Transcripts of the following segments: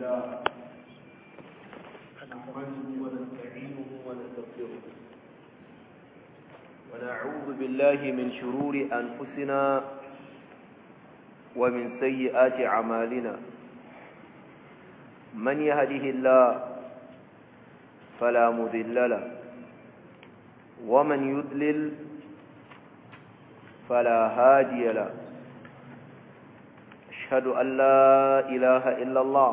الله نحمده ونستعينه ونستغفره ونعوذ بالله من شرور أنفسنا ومن سيئات أعمالنا من يهده الله فلا مذل له ومن يذلل فلا هادي له أشهد أن لا إله إلا الله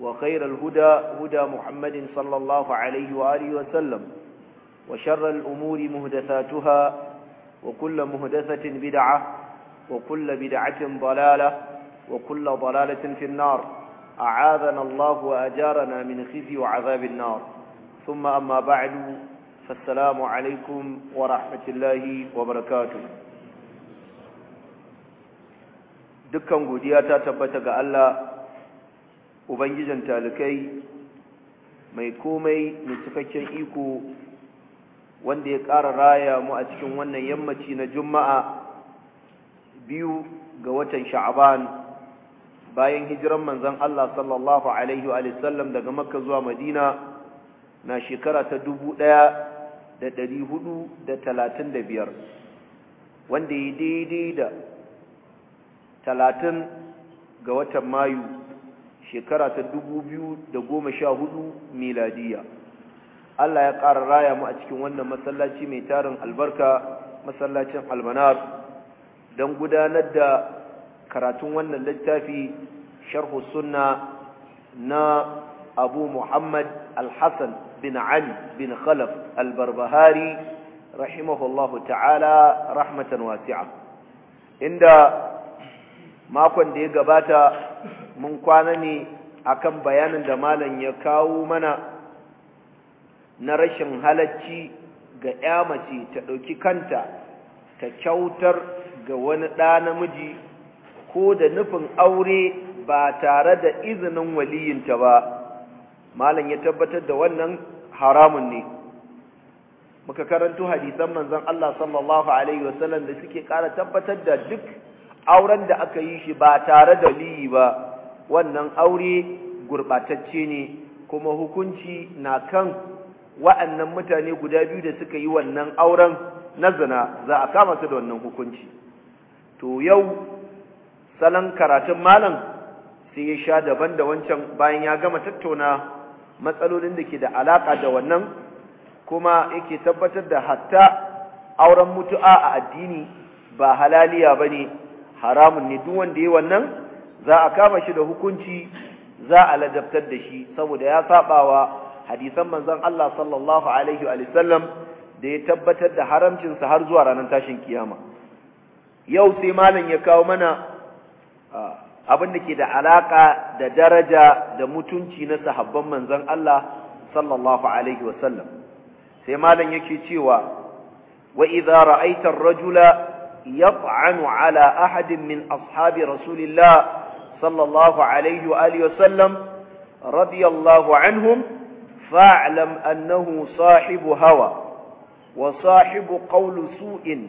وخير الهدى هدى محمد صلى الله عليه وآله وسلم وشر الأمور مهدثاتها وكل مهدثة بدعة وكل بدعة ضلالة وكل ضلالة في النار أعاذنا الله وأجارنا من خزي وعذاب النار ثم أما بعد فالسلام عليكم ورحمة الله وبركاته دكا godiya تبتك الله ubangijin talikai mai komai mai cikakken iko wanda ya ƙara raya mu a cikin wannan yammaci na juma'a biyu ga watan sha'aban bayan hijiran manzon Allah sallallahu alaihi wa sallam daga makka zuwa madina na shekara ta dubu ɗaya da ɗari hudu da talatin da biyar wanda ya daidai da talatin ga watan mayu shekara ta 2014 miladiya Allah ya ƙara raya mu a cikin wannan masallaci mai tarin albarka masallacin albanar. don gudanar da karatun wannan littafi sharhu sunna na abu muhammad alhassan bin ali bin khalaf albarbahari rahimahullahu ta'ala rahmatan wasi'a inda makon da ya gabata mun kwana ne akan bayanin da malam ya kawo mana na rashin halacci ga ya mace ta ɗauki kanta ta kyautar ga wani ɗa namiji ko da nufin aure ba tare da izinin waliyinta ba malam ya tabbatar da wannan haramun ne muka karanto hadisan manzon Allah sallallahu alaihi wasallam da suke ƙara tabbatar da duk auren da aka yi shi ba tare da liyi ba wannan aure gurɓatacce ne kuma hukunci na kan wa'annan mutane guda biyu da suka yi wannan auren na zina za a kama su da wannan hukunci to yau salon karatun malam sai ya sha daban da wancan bayan ya gama tattauna matsalolin da ke da alaka da wannan kuma yake tabbatar da hatta auren mutu'a a addini ba halaliya ba ne. haramun ne duk wanda yi wannan za a kama shi da hukunci za a ladabtar da shi saboda ya sabawa hadisan manzan Allah sallallahu alaihi da ya tabbatar da haramcin sa har zuwa ranar tashin kiyama yau sai malam ya kawo mana abin da ke da alaƙa da daraja da mutunci na sahabban manzan Allah sallallahu alaihi sai malam yake cewa wa idza ra'aita rajula yat'anu ala ahadin min ashabi rasulillah صلى الله عليه وآله وسلم رضي الله عنهم فاعلم أنه صاحب هوى وصاحب قول سوء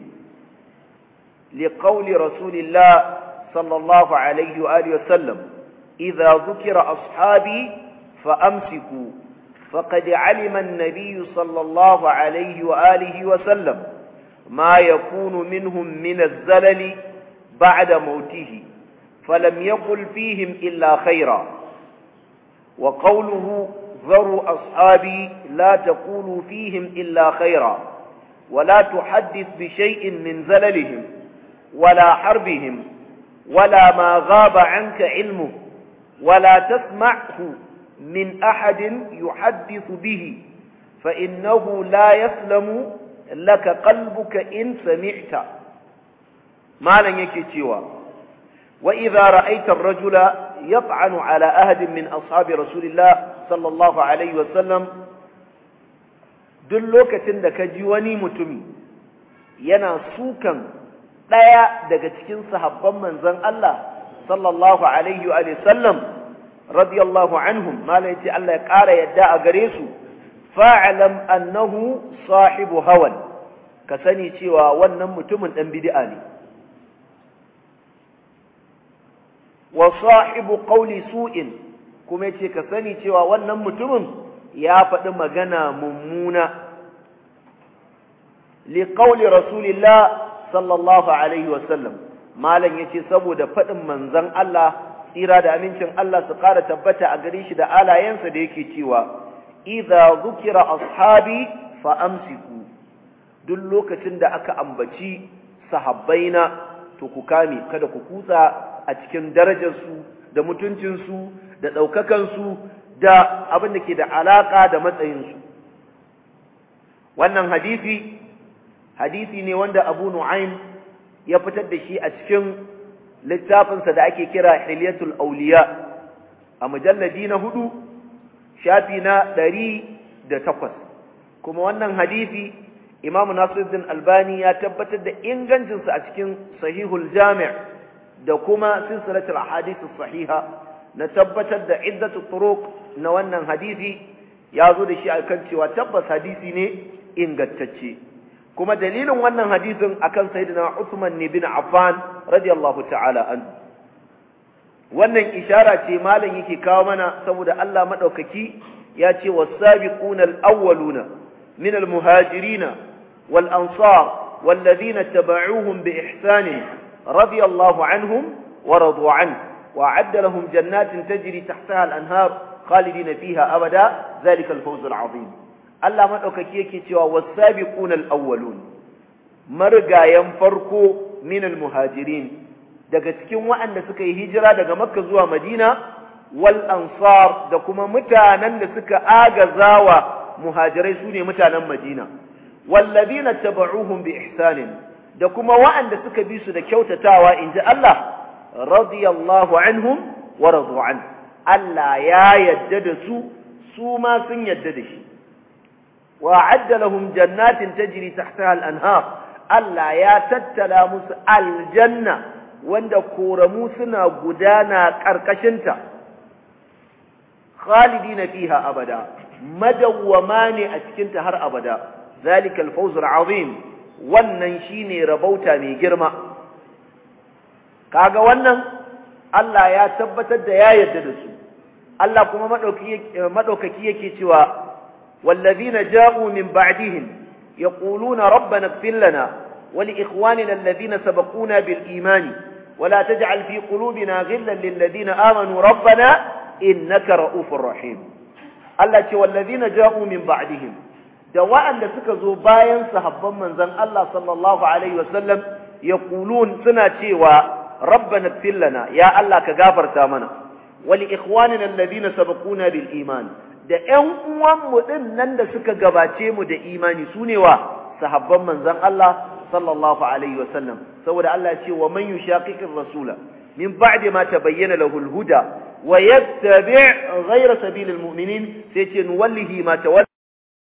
لقول رسول الله صلى الله عليه وآله وسلم إذا ذكر أصحابي فأمسكوا فقد علم النبي صلى الله عليه وآله وسلم ما يكون منهم من الزلل بعد موته فلم يقل فيهم إلا خيرا وقوله ذروا أصحابي لا تقولوا فيهم إلا خيرا ولا تحدث بشيء من زللهم ولا حربهم ولا ما غاب عنك علمه ولا تسمعه من أحد يحدث به فإنه لا يسلم لك قلبك إن سمعت ما لن يكتوى وإذا رأيت الرجل يطعن على أهد من أصحاب رسول الله صلى الله عليه وسلم دلوك تندك جواني متمي ينا سوكا ɗaya daga cikin sahabban manzon Allah sallallahu alaihi wa sallam radiyallahu anhum mala yace Allah ya ƙara yadda a gare su fa'alam annahu sahibu hawan ka sani cewa wannan mutumin dan bid'a ne wa sahibu qawli su'in kuma yace ka sani cewa wannan mutumin ya faɗi magana mummuna li qawli rasulillah sallallahu alaihi wa sallam malam yace saboda faɗin manzon Allah tsira da amincin Allah su ƙara tabbata a gare shi da alayensa da yake cewa idza zukira ashabi fa amsiku duk lokacin da aka ambaci sahabbaina to ku kame kada ku kutsa a cikin darajarsu da mutuncinsu da ɗaukakansu da abin da ke da alaƙa da matsayinsu wannan hadisi hadisi ne wanda abu nu'aim ya fitar da shi a cikin littafinsa da ake kira hilyatul auliya a mujalladi na hudu shafi na ɗari da takwas kuma wannan hadisi imamu nasiruddin albani ya tabbatar da ingancinsa a cikin sahihul jami' da kuma silsilatul ahadith sahiha na tabbatar da iddatu turuq na wannan hadisi ya zo da shi akan cewa tabbas hadisi ne ingantacce kuma dalilin wannan hadisin akan sayyidina Uthman ibn Affan radiyallahu ta'ala anhu wannan ishara ce malam yake kawo mana saboda Allah madaukaki ya ce was-sabiquna al-awwaluna min al-muhajirina wal-ansar والذين اتبعوهم بإحسان رضي الله عنهم ورضوا عنه وأعد لهم جنات تجري تحتها الأنهار خالدين فيها أبدا ذلك الفوز العظيم الله مدوكاكي yake cewa was-sabiqun al-awwalun margayan farko min al-muhajirin daga cikin waɗanda suka yi hijira daga Makka zuwa Madina wal ansar da kuma mutanen da suka agazawa muhajirai sune mutanen Madina wal ladina tabauhum bi ihsanin da kuma waɗanda suka bi su da kyautatawa inji Allah radiyallahu anhum wa radu an Allah ya yadda da su su ma sun yadda da shi wa adda lahum jannatin tajri tahtaha al-anhar Allah ya tattala musu al janna wanda koramu suna gudana karkashinta khalidina fiha abada madawwama ne a ta har abada zalikal fawzul azim wannan shine rabauta mai girma kaga wannan Allah ya tabbatar da ya yarda da su Allah kuma madaukaki yake cewa wallazina ja'u min ba'dihim yaquluna rabbana ighfir lana wa li ikhwanina alladhina sabaquna bil imani wa la taj'al fi qulubina ghillan lil ladina amanu rabbana innaka ra'ufur rahim Allah ce wallazina ja'u min ba'dihim da waɗanda suka zo bayan sahabban manzon Allah sallallahu alaihi wasallam yaqulun suna cewa rabbana ighfir ya Allah ka gafarta mana wal ikhwanina alladhina sabaquna bil iman da ƴan uwan mu din nan da suka gabace mu da imani sune wa sahabban manzon Allah sallallahu alaihi wasallam saboda Allah ya ce wa man yushaqiqir rasula min ba'di ma tabayyana lahu al-huda wa yattabi' ghayra sabilil mu'minin sai ce nuwallihi ma tawalla